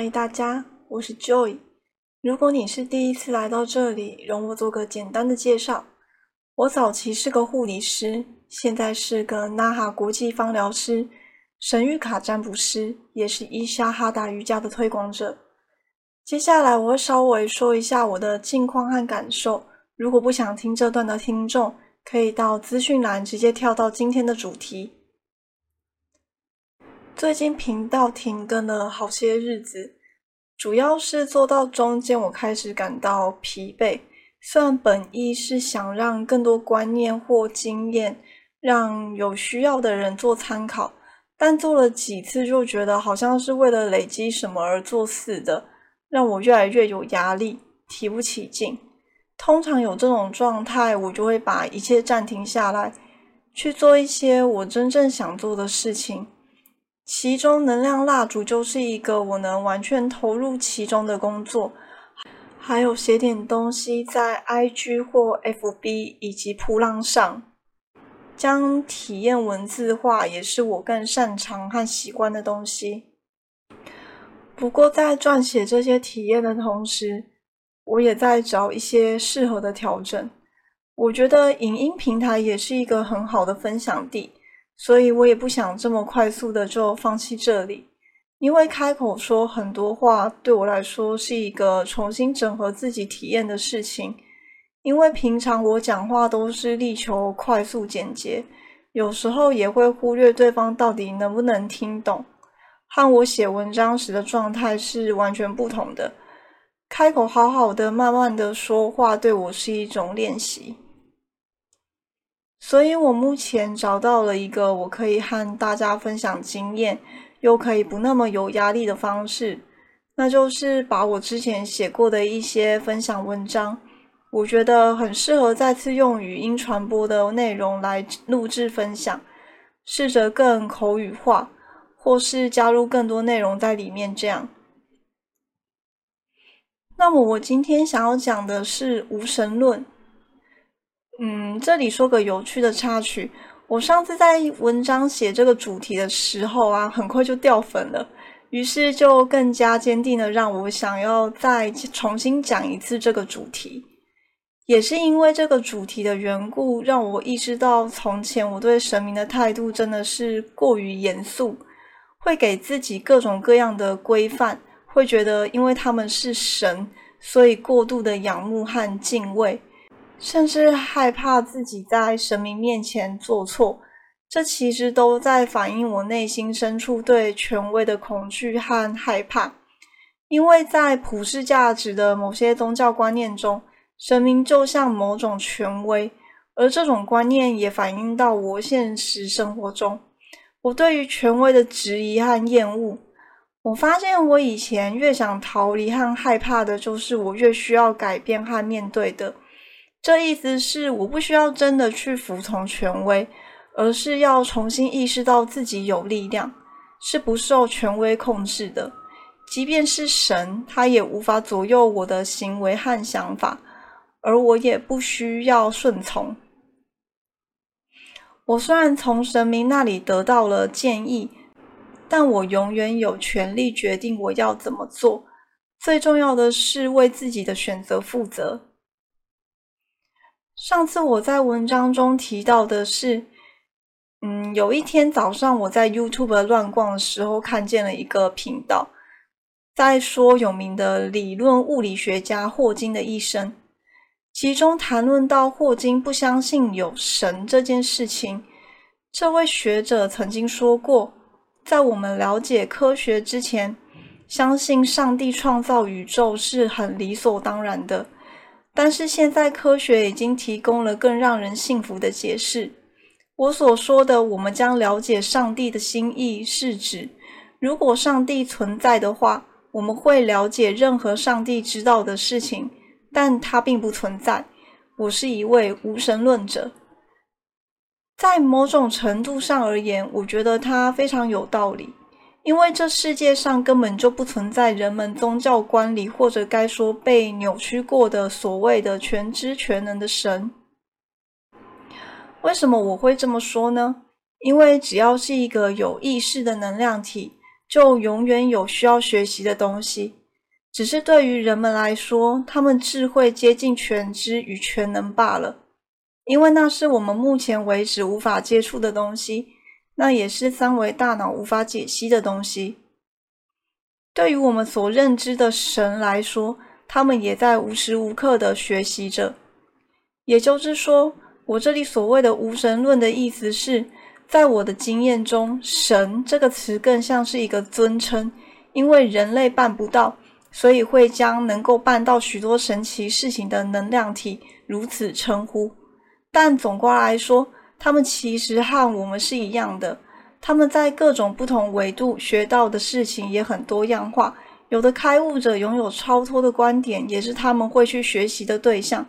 歡迎大家，我是 Joy。如果你是第一次來到這裡，容我做個簡單的介紹。我早期是個護理師，現在是個吶哈國際芳療師、神諭卡占卜師，也是伊莎哈達瑜伽的推廣者。接下來我會稍微說一下我的近況和感受。如果不想聽這段的聽眾，可以到資訊欄直接跳到今天的主題。最近頻道停更了好些日子，主要是做到中間我開始感到疲憊。雖然本意是想讓更多觀念或經驗讓有需要的人做參考，但做了幾次就覺得好像是為了累積什麼而做似的，讓我越來越有壓力，提不起勁。通常有這種狀態，我就會把一切暫停下來，去做一些我真正想做的事情。其中，能量蠟燭就是一個我能完全投入其中的工作，還有寫點東西在 IG 或 FB 以及噗浪上，將體驗文字化也是我更擅長和習慣的東西。不過，在撰寫這些體驗的同時，我也在找一些適合的調整。我覺得影音平台也是一個很好的分享地。所以我也不想這麼快速的就放棄這裡，因為開口說很多話對我來說是一個重新整合自己體驗的事情。因為平常我講話都是力求快速簡潔，有時候也會忽略對方到底能不能聽懂，和我寫文章時的狀態是完全不同的。開口好好的、慢慢的說話，對我是一種練習。所以，我目前找到了一個我可以和大家分享經驗，又可以不那麼有壓力的方式，那就是把我之前寫過的一些分享文章，我覺得很適合再次用語音傳播的內容來錄製分享，試着更口語化，或是加入更多內容在裡面這樣。那麼我今天想要講的是無神論。嗯，這裡說個有趣的插曲。我上次在文章寫這個主題的時候啊，很快就掉粉了，於是就更加堅定的讓我想要再重新講一次這個主題。也是因為這個主題的緣故，讓我意識到從前我對神明的態度真的是過於嚴肅，會給自己各種各樣的規範，會覺得因為他們是神，所以過度的仰慕和敬畏。甚至害怕自己在神明面前做錯，這其實都在反映我內心深處對權威的恐懼和害怕。因為在普世價值的某些宗教觀念中，神明就像某種權威，而這種觀念也反映到我現實生活中。我對於權威的質疑和厭惡，我發現我以前越想逃離和害怕的，就是我越需要改變和面對的。這意思是，我不需要真的去服從權威，而是要重新意識到自己有力量，是不受權威控制的。即便是神，他也無法左右我的行為和想法，而我也不需要順從。我雖然從神明那裡得到了建議，但我永遠有權利決定我要怎麼做。最重要的是為自己的選擇負責。上次我在文章中提到的是，嗯，有一天早上我在 YouTube 亂逛的時候，看見了一個頻道，在說有名的理論物理學家霍金的一生，其中談論到霍金不相信有神這件事情。這位學者曾經說過，在我們了解科學之前，相信上帝創造宇宙是很理所當然的。但是現在科學已經提供了更讓人信服的解釋。我所說的我們將了解上帝的心意，是指如果上帝存在的話，我們會了解任何上帝知道的事情。但它並不存在。我是一位無神論者，在某種程度上而言，我覺得它非常有道理。因為這世界上根本就不存在人們宗教觀裡，或者該說被扭曲過的所謂的全知全能的神。為什麼我會這麼說呢？因為只要是一個有意識的能量體，就永遠有需要學習的東西。只是對於人們來說，他們智慧接近全知與全能罷了，因為那是我們目前為止無法接觸的東西。那也是三維大腦無法解析的東西。對於我們所認知的神來說，他們也在無時無刻的學習着。也就是說，我這裡所謂的無神論的意思是，在我的經驗中，“神”這個詞更像是一個尊稱，因為人類辦不到，所以會將能夠辦到許多神奇事情的能量體如此稱呼。但總括來說，他們其實和我們是一樣的，他們在各種不同維度學到的事情也很多樣化。有的開悟者擁有超脫的觀點，也是他們會去學習的對象。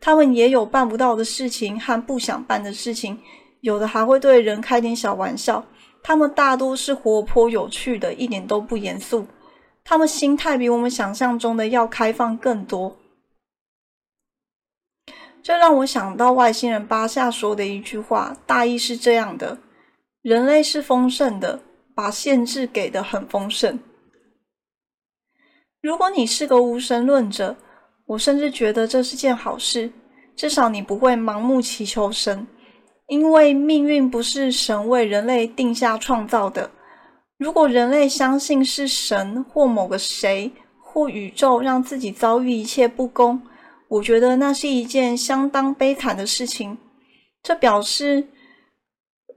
他們也有辦不到的事情和不想辦的事情，有的還會對人開點小玩笑。他們大多是活潑有趣的，一點都不嚴肅。他們心態比我們想象中的要開放更多。這讓我想到外星人巴夏說的一句話，大意是這樣的：人類是豐盛的，把限制給得很豐盛。如果你是個無神論者，我甚至覺得這是件好事，至少你不會盲目祈求神，因為命運不是神為人類定下創造的。如果人類相信是神或某個誰或宇宙讓自己遭遇一切不公，我覺得那是一件相當悲慘的事情，這表示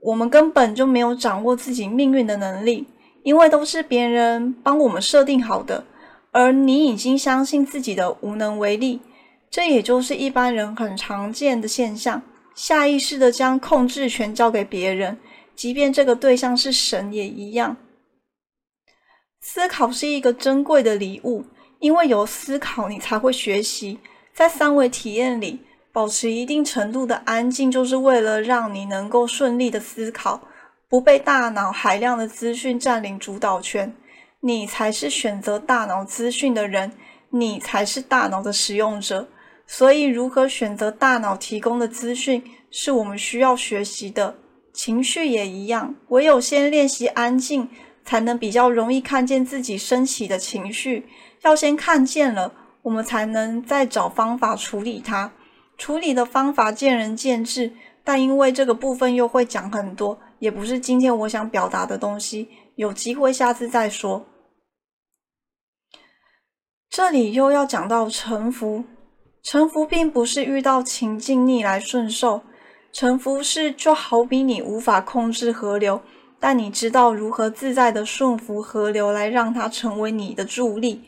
我們根本就沒有掌握自己命運的能力，因為都是別人幫我們設定好的。而你已經相信自己的無能為力，這也就是一般人很常見的現象。下意識的將控制權交給別人，即便這個對象是神也一樣。思考是一個珍貴的禮物，因為有思考，你才會學習。在三維體驗裡，保持一定程度的安靜，就是為了讓你能夠順利的思考，不被大腦海量的資訊佔領主導權。你才是選擇大腦資訊的人，你才是大腦的使用者。所以，如何選擇大腦提供的資訊，是我們需要學習的。情緒也一樣，唯有先練習安靜，才能比較容易看見自己升起的情緒。要先看見了。我們才能再找方法處理它，處理的方法見仁見智，但因為這個部分又會講很多，也不是今天我想表達的東西，有機會下次再說。這裡又要講到臣服，臣服並不是遇到情境逆來順受，臣服是就好比你無法控制河流，但你知道如何自在的順服河流，來讓它成為你的助力。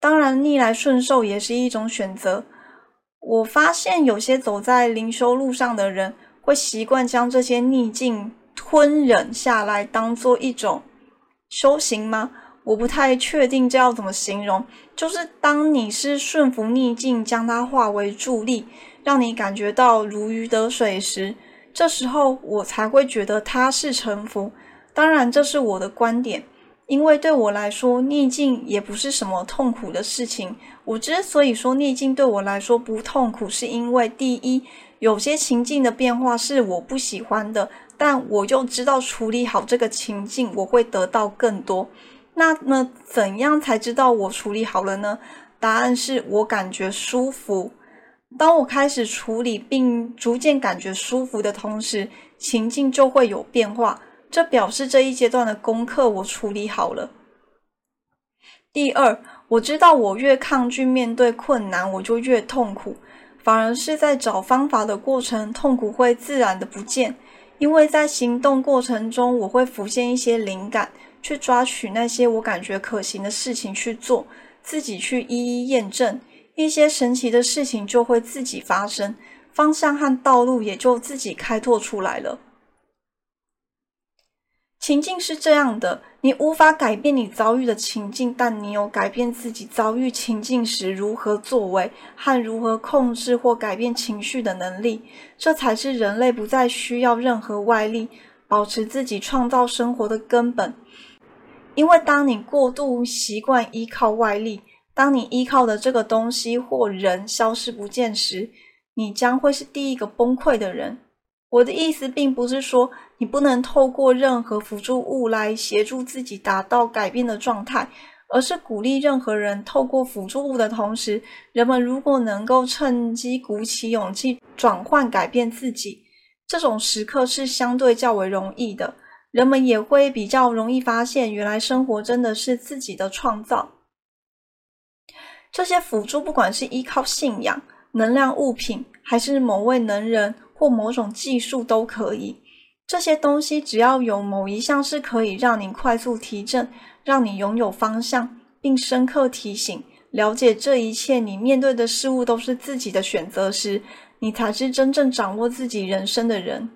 當然，逆來順受也是一種選擇。我發現有些走在靈修路上的人，會習慣將這些逆境吞忍下來，當做一種修行嗎？我不太確定這要怎麼形容。就是當你是順服逆境，將它化為助力，讓你感覺到如魚得水時，這時候我才會覺得它是臣服。當然，這是我的觀點。因為對我來說，逆境也不是什麼痛苦的事情。我之所以說逆境對我來說不痛苦，是因為第一，有些情境的變化是我不喜歡的，但我就知道處理好這個情境，我會得到更多。那麼怎樣才知道我處理好了呢？答案是我感覺舒服。當我開始處理並逐漸感覺舒服的同時，情境就會有變化。這表示這一階段的功課我處理好了。第二，我知道我越抗拒面對困難，我就越痛苦，反而是在找方法的過程，痛苦會自然的不見，因為在行動過程中，我會浮現一些靈感，去抓取那些我感覺可行的事情去做，自己去一一驗證，一些神奇的事情就會自己發生，方向和道路也就自己開拓出來了。情境是這樣的，你無法改變你遭遇的情境，但你有改變自己遭遇情境時如何作為和如何控制或改變情緒的能力。這才是人類不再需要任何外力，保持自己創造生活的根本。因為當你過度習慣依靠外力，當你依靠的這個東西或人消失不見時，你將會是第一個崩潰的人。我的意思並不是說你不能透過任何輔助物來協助自己達到改變的狀態，而是鼓勵任何人透過輔助物的同時，人們如果能夠趁機鼓起勇氣轉換改變自己，這種時刻是相對較為容易的，人們也會比較容易發現原來生活真的是自己的創造。這些輔助不管是依靠信仰、能量物品，還是某位能人。或某種技術都可以，這些東西只要有某一項是可以讓你快速提振，讓你擁有方向，並深刻提醒了解這一切，你面對的事物都是自己的選擇時，你才是真正掌握自己人生的人。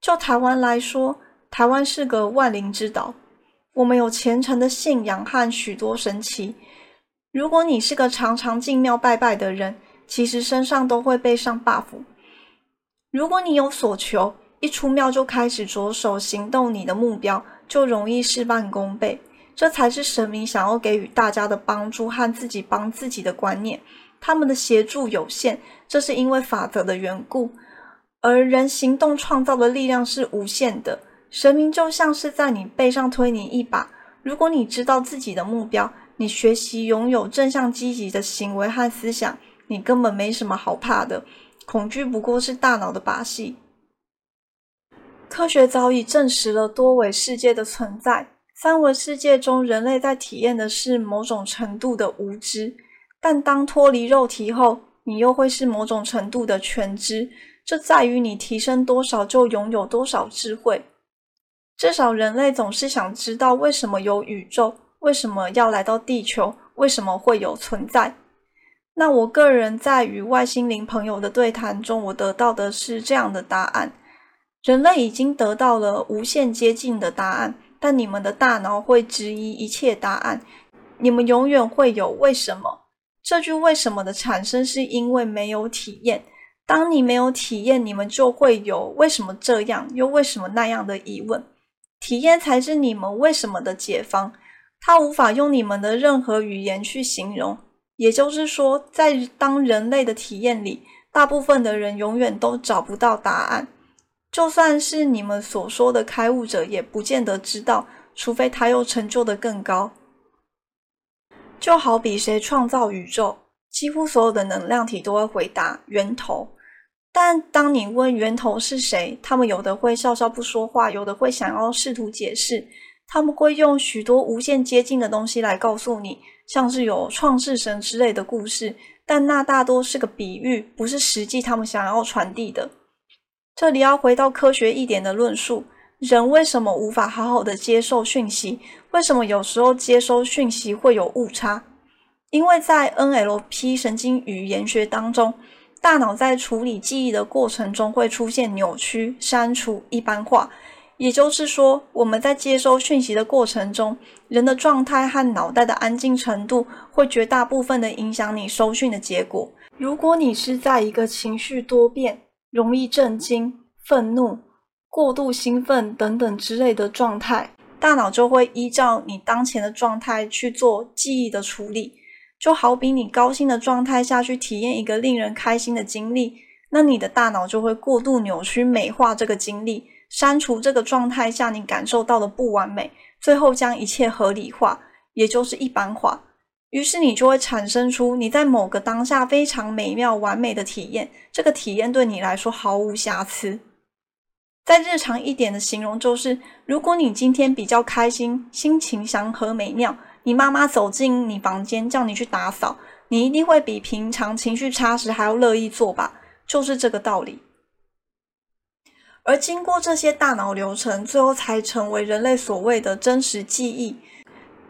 就台灣來說，台灣是個萬靈之島，我們有虔誠的信仰和許多神祇。如果你是個常常進廟拜拜的人，其實身上都會背上 buff。如果你有所求，一出廟就開始着手行動，你的目標就容易事半功倍。這才是神明想要給予大家的幫助和自己幫自己的觀念。他們的協助有限，這是因為法則的緣故，而人行動創造的力量是無限的。神明就像是在你背上推你一把。如果你知道自己的目標，你學習擁有正向積極的行為和思想，你根本沒什麼好怕的。恐懼不過是大腦的把戲。科學早已證實了多維世界的存在。三維世界中，人類在體驗的是某種程度的無知；但當脫離肉體後，你又會是某種程度的全知。這在於你提升多少，就擁有多少智慧。至少，人類總是想知道：為什麼有宇宙？為什麼要來到地球？為什麼會有存在？那我個人在與外星靈朋友的對談中，我得到的是這樣的答案：人類已經得到了無限接近的答案，但你們的大腦會質疑一切答案。你們永遠會有“為什麼”這句“為什麼”的產生，是因為沒有體驗。當你沒有體驗，你們就會有“為什麼這樣”又“為什麼那樣的”疑問。體驗才是你們“為什麼”的解方，它無法用你們的任何語言去形容。也就是說，在當人類的體驗裡，大部分的人永遠都找不到答案。就算是你們所說的開悟者，也不見得知道，除非他又成就得更高。就好比誰創造宇宙，幾乎所有的能量體都會回答源頭。但當你問源頭是誰，他們有的會笑笑不說話，有的會想要試圖解釋，他們會用許多無限接近的東西來告訴你。像是有創世神之類的故事，但那大多是個比喻，不是實際他們想要傳遞的。這裡要回到科學一點的論述：人為什麼無法好好的接受訊息？為什麼有時候接收訊息會有誤差？因為在 NLP 神經語言學當中，大腦在處理記憶的過程中會出現扭曲、刪除、一般化。也就是說，我們在接收訊息的過程中，人的狀態和腦袋的安靜程度，會絕大部分的影響你收訊的結果。如果你是在一個情緒多變、容易震驚、憤怒、過度興奮等等之類的狀態，大腦就會依照你當前的狀態去做記憶的處理。就好比你高興的狀態下去體驗一個令人開心的經歷，那你的大腦就會過度扭曲美化這個經歷。刪除這個狀態下你感受到的不完美，最後將一切合理化，也就是一般化，於是你就會產生出你在某個當下非常美妙完美的體驗。這個體驗對你來說毫無瑕疵。再日常一點的形容就是，如果你今天比較開心，心情祥和美妙，你媽媽走進你房間叫你去打掃，你一定會比平常情緒差時還要樂意做吧？就是這個道理。而經過這些大腦流程，最後才成為人類所謂的真實記憶。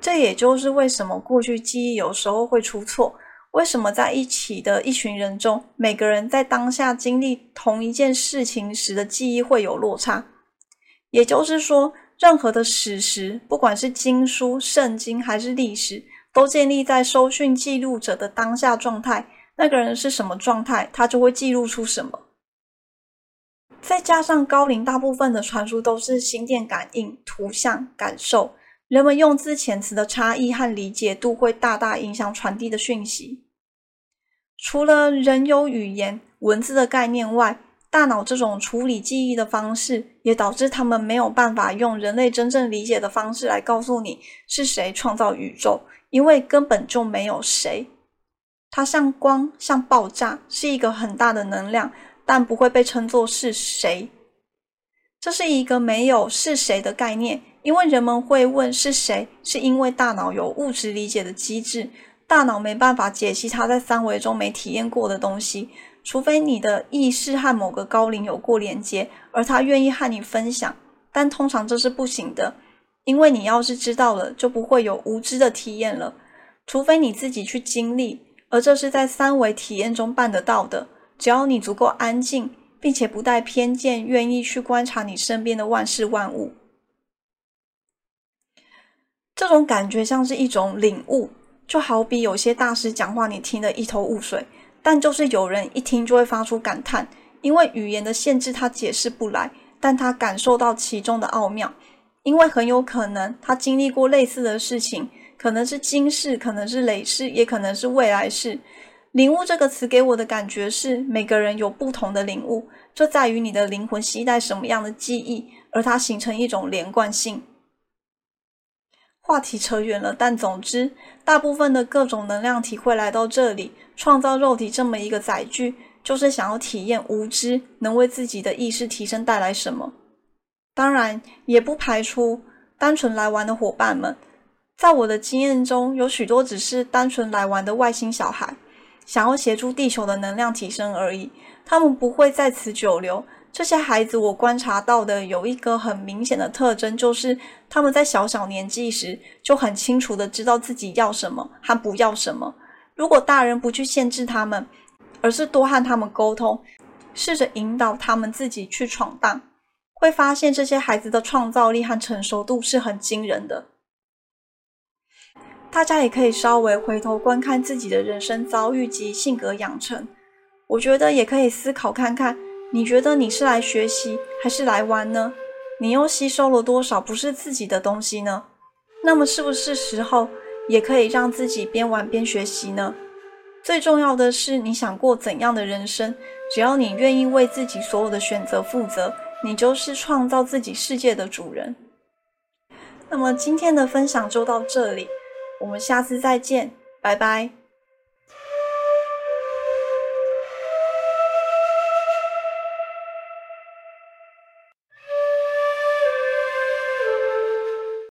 這也就是為什麼過去記憶有時候會出錯，為什麼在一起的一群人中，每個人在當下經歷同一件事情時的記憶會有落差。也就是說，任何的史實，不管是經書、聖經還是歷史，都建立在收訊記錄者的當下狀態，那個人是什麼狀態，他就會記錄出什麼。再加上高靈，大部分的傳輸都是心電感應、圖像感受。人們用字遣詞的差異和理解度會大大影響傳遞的訊息。除了人有語言、文字的概念外，大腦這種處理記憶的方式，也導致他們沒有辦法用人類真正理解的方式來告訴你是誰創造宇宙，因為根本就沒有誰。它像光，像爆炸，是一個很大的能量。但不會被稱作是誰，這是一個沒有是誰的概念，因為人們會問是誰，是因為大腦有物質理解的機制，大腦沒辦法解析它在三維中沒體驗過的東西，除非你的意識和某個高靈有過連接，而他願意和你分享，但通常這是不行的，因為你要是知道了，就不會有無知的體驗了，除非你自己去經歷，而這是在三維體驗中辦得到的。只要你足夠安靜，並且不帶偏見，願意去觀察你身邊的萬事萬物，這種感覺像是一種領悟。就好比有些大師講話，你聽得一頭霧水，但就是有人一聽就會發出感嘆，因為語言的限制他解釋不來，但他感受到其中的奧妙。因為很有可能他經歷過類似的事情，可能是今世，可能是累世，也可能是未來世。領悟這個詞給我的感覺是，每個人有不同的領悟，這在於你的靈魂攜帶什麼樣的記憶，而它形成一種連貫性。話題扯遠了，但總之，大部分的各種能量體會來到這裡，創造肉體這麼一個載具，就是想要體驗無知能為自己的意識提升帶來什麼。當然，也不排除單純來玩的伙伴們，在我的經驗中，有許多只是單純來玩的外星小孩。想要協助地球的能量提升而已，他們不會在此久留。這些孩子，我觀察到的有一個很明顯的特徵，就是他們在小小年紀時就很清楚的知道自己要什麼和不要什麼。如果大人不去限制他們，而是多和他們溝通，試着引導他們自己去闖蕩，會發現這些孩子的創造力和成熟度是很驚人的。大家也可以稍微回頭觀看自己的人生遭遇及性格養成，我覺得也可以思考看看，你覺得你是來學習還是來玩呢？你又吸收了多少不是自己的東西呢？那麼是不是時候也可以讓自己邊玩邊學習呢？最重要的是你想過怎樣的人生，只要你願意為自己所有的選擇負責，你就是創造自己世界的主人。那麼今天的分享就到這裡。我們下次再見，拜拜。